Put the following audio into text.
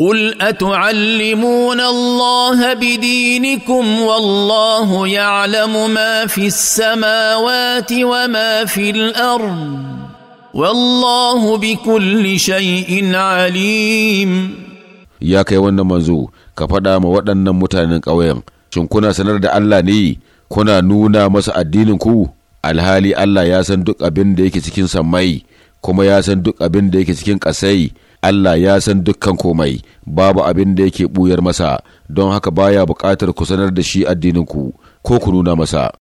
قل اتعلمون الله بدينكم والله يعلم ما في السماوات وما في الارض والله بكل شيء عليم ya kai wannan manzo ka faɗa ma waɗannan mutanen ƙauyen shin kuna sanar da Allah ne kuna nuna masa addinin ku alhali Allah ya san duk abinda yake cikin sammai kuma ya san duk abinda yake cikin ƙasai Allah ya san dukkan komai babu abin da yake buyar masa don haka baya bukatar ku sanar da shi addininku ko ku nuna masa